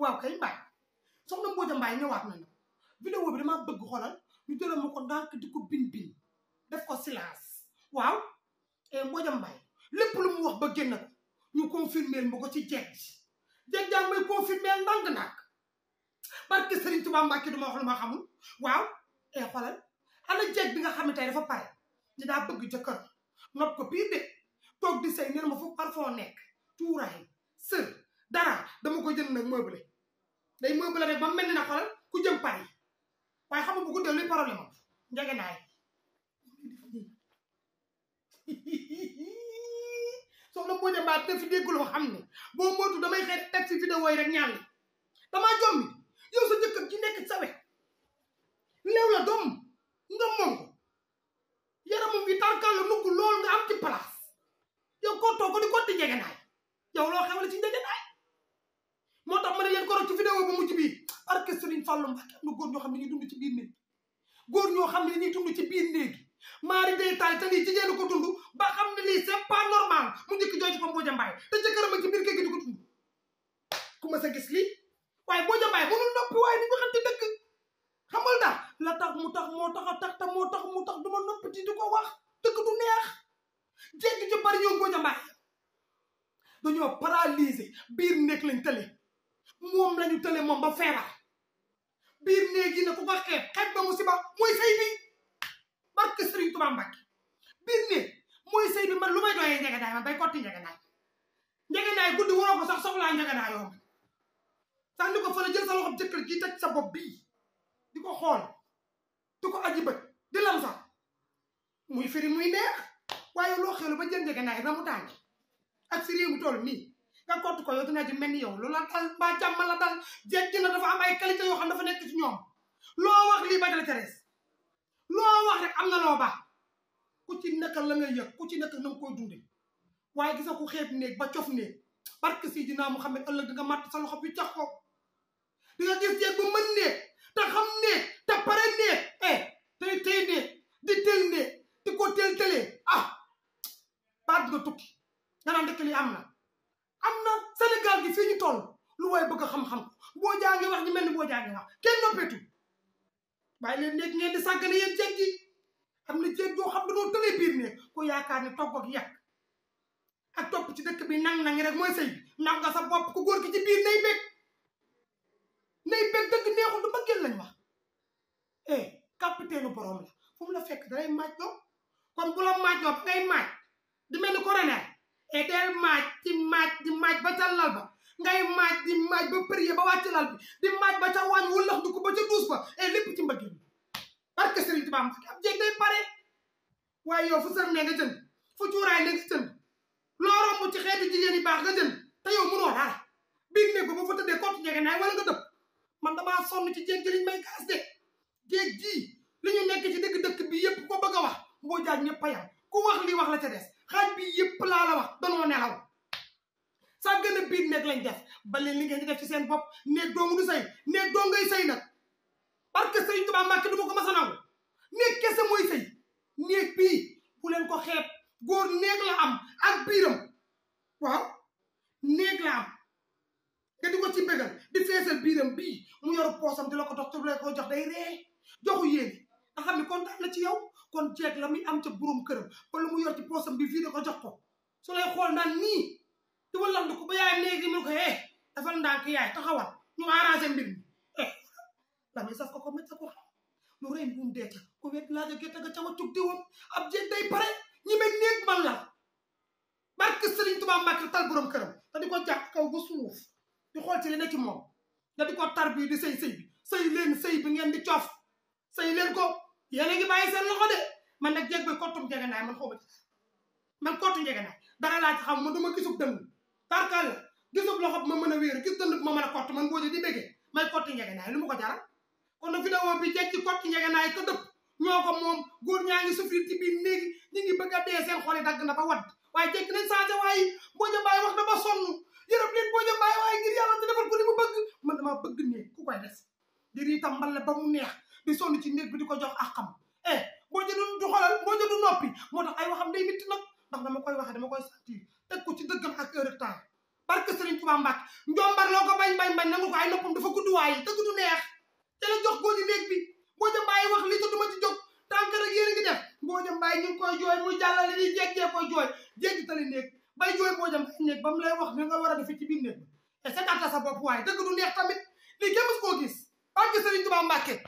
waaw kay mbaay soxna Mbodja Mbaye ñëwaat nañu vidéo bi dama bëgg xoolal ñu jëlal ma ko ndànk di ko bin bin def ko silence waaw e eh, Mbodja Mbaye lépp lu mu wax ba génn ko ñu confirmer ma ko ci jeeg jeeg jaa may confirmer ndànk-ndànk barke Serigne Touba Mbacke duma wax lu ma xamul waaw e xoolal ana jeeg bi nga xam ne tey dafa pare di daa bëgg jëkkër nopp ko piir de toog di sey nee na ma fu parfum nekk tuuraay sër dara dama ko jënd nag meublé day meuble rek ba mel na xoolal ku jëm Paris waaye xam nga bu guddee luy problème am njege naay soxna boo jëmbaat te fi déggul wax nekk sawe bi tànkaan la nugg loolu nga am ci place yow kontoo ko di kotti njege naay yow loo xewale ci njege naay xew ci vidéo bu mujj bii barke Serigne Fallou Mbacké am na góor ñoo xam ne ñuy dund ci biir néeg góor ñoo xam ne ñuy dund ci biir néegi maari day taal te lii jigéen ko dund ba xam ne lii c'est pas normal mu njëkk jooy ci ko Mbodia te jëkkëram a da biir kër gi di ko dund ku ma sa gis lii waaye Mbodia Mbaye mënul noppi waaye ni waxante dëgg xamal ndax la tax mu tax moo tax a tax te moo tax mu tax du ma noppi di di ko wax dëgg du neex jéggi ci bari ñoo Mbodia Mbaye dañoo paralysé biir nekk lañ tële moom nañu ñu tële moom ba feebar biir néegi na ku ko xeeb xeeb ba musiba mooy sëy bi barke Serigne Touba Mbacke biir néeg mooy sëy bi man lu may doyee njëgënaay man bay kotti njëgënaay njëgënaay guddi waroo ko sax soxlaa njëgënaay yoon sax ni ko fële jël sa loxob jëkkër gi teg sa bopp bii di ko xool di ko aji bët di lam sax muy firi muy neex waaye loo xelu ba jël njëgënaay ramu tàngi ak si réew mu nga kott ko yow dina ji mel ni yow loola dal mbaa jàmm dal jéggi dafa am ay qualité yoo xam dafa nekk ci ñoom loo wax lii ba dala terees loo wax rek am na loo baax ku ci naka la nga yëg ku ci naka na nga koy dunde waaye gisa ku xeeb néeg ba cof néeg barke si dinaa Muhammad ëllëg di nga màtt sa loxo bi jox ko di nga gis jéeg bu mën néeg xam waaye tool lu waaye bugg a xam-xam boo jaangi wax ñu mel ni boo jaangi wax kenn noppeetu waaye leen nekk ngeen di sàggane yéen jeeg ji am na jeeg joo xam ne doo tëlee biir ne ko yaakaar ne togg ak yàq ak ci dëkk bi nang nangi rek mooy sëy nax nga sa bopp ku góor ki ci biir nay bég nay bég dëgg neexul du bëggeel lañ eh, la fekk dalay maaj loo kon bu la maaj loo ba di mel ko coroner et eh, del maaj ci maaj di maaj ba ca lal ba ngay maaj di maaj ba prier ba wàcc lal bi di maaj ba ca waañ wëllax du ko ba ca duus ba eh, ci mbëggeel bi barke Sëriñ Tuubaa Mbàkke ab jéeg day pare waaye yow fu sër ne nga jënd fu cuuraay ne nga jënd loo ci xeetu jigéen yi baax nga jënd te yow mënoo dara biir néeg ba ba fa tëddee kootu ñege naay wala nga dëpp man damaa sonn ci jéeg ji liñ may kaas de jii li ñu nekk ci dëkk dëkk bi yëpp ko bëgg a wax mboo jaaj ñëpp a ku wax li wax la ca des xaaj bi yëpp laa la wax danoo saa gën a biir néeg lañ def baleen li ngeen di def ci seen bopp néeg doomu du sëy néeg doo ngay sëy nag parce que sëy tubaab màkk du ko a nangu néeg kese mooy sëy néeg bii bu leen ko xeeb góor néeg la am am biiram waaw néeg la am nga di ko ci bégal di feesal biiram bii mu yor poosam di la ko dox te la ko jox day ree joxu yéen xam ne kontaan na ci yow kon jeeg la muy am ca boroom këram ba mu yor ci poosam bi fii da jox ko su naan nii di wallandu ko ba yaayam léegi mun ko eh dafal ndànk yaay taxawal ñu arrangé mbir mi eh la muy ko ko métta ko lu rëy mbuum dee ca ku wet laaja gerte ga ca waccug diwoon ab jéeg day pare ñi meg néeg man la barke Sëriñ di ko jàpp kaw ba suuf di xool ci ci moom nga di ko tar bii di sëy sëy bi sëy leen sëy bi ngeen di coof sëy leen ko yéen a ngi bàyyi seen loxo de man nag jéeg kottum jegenaay man xaw ma dara laa ci xam ma duma gisub dëng tarkal la gisub ma mën a wéeru gis dënd ma mën a kott man boo di di béggee may kotti njegenaay lu ma ko jaral kon nag vidéo bi jeg ci kotti njegenaay moom góor ñaa ngi souffrir ci biir néegi ñu ngi bëgg a dee seen xol yi dagg na ba wadd waaye jekk nañ changé ko li mu bëgg bëgg néeg ku koy des di rii tam mu neex di sonn ci néeg bi di ko jox a xam eh boo jë du du xolal boo jë du noppi moo tax ay waxam day mitti nag ndax dama koy waxe dama koy sentir teg ko ci dëggam ak heure temps barke Serigne Touba Mbacke njombar loo ko bañ bañ bañ nangu ko ay noppam dafa gudd waaye dëgg du neex te la jox góor ñi bi boo jëm bàyyi wax lii te duma ci jóg tànk rek yéen a ngi def boo jëm bàyyi ñu ngi koy jooy muy jàllale di jéggee koy jooy jéggi tali néeg bay jooy boo jëm bàyyi ba mu lay wax ni nga war a defee ci biir néeg et sa bopp waaye dëgg du neex tamit lii kenn mës koo gis barke Serigne Touba